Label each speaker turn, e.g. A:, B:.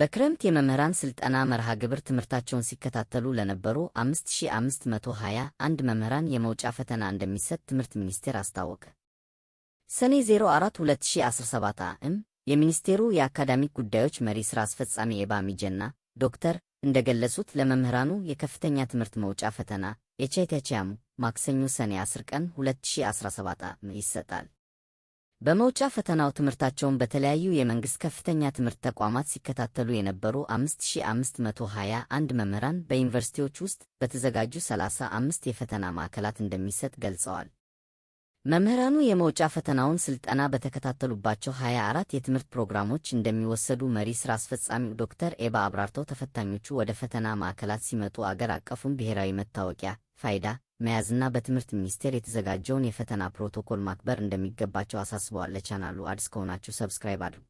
A: በክረምት የመምህራን ስልጠና መርሃ ግብር ትምህርታቸውን ሲከታተሉ ለነበሩ 5521 መምህራን የመውጫ ፈተና እንደሚሰጥ ትምህርት ሚኒስቴር አስታወቀ። ሰኔ 04 2017 ዓ.ም የሚኒስቴሩ የአካዳሚክ ጉዳዮች መሪ ሥራ አስፈጻሚ ኤባ ሚጀና ዶክተር እንደገለጹት ለመምህራኑ የከፍተኛ ትምህርት መውጫ ፈተና የቻይተቻያሙ ማክሰኞ ሰኔ 10 ቀን 2017 ዓ.ም ይሰጣል። በመውጫ ፈተናው ትምህርታቸውን በተለያዩ የመንግሥት ከፍተኛ ትምህርት ተቋማት ሲከታተሉ የነበሩ 5521 መምህራን በዩኒቨርሲቲዎች ውስጥ በተዘጋጁ 35 የፈተና ማዕከላት እንደሚሰጥ ገልጸዋል። መምህራኑ የመውጫ ፈተናውን ስልጠና በተከታተሉባቸው 24 የትምህርት ፕሮግራሞች እንደሚወሰዱ መሪ ስራ አስፈጻሚው ዶክተር ኤባ አብራርተው ተፈታኞቹ ወደ ፈተና ማዕከላት ሲመጡ አገር አቀፉን ብሔራዊ መታወቂያ ፋይዳ መያዝና በትምህርት ሚኒስቴር የተዘጋጀውን የፈተና ፕሮቶኮል ማክበር እንደሚገባቸው አሳስበዋል። ለቻናሉ አዲስ ከሆናችሁ ሰብስክራይብ አድርጉ።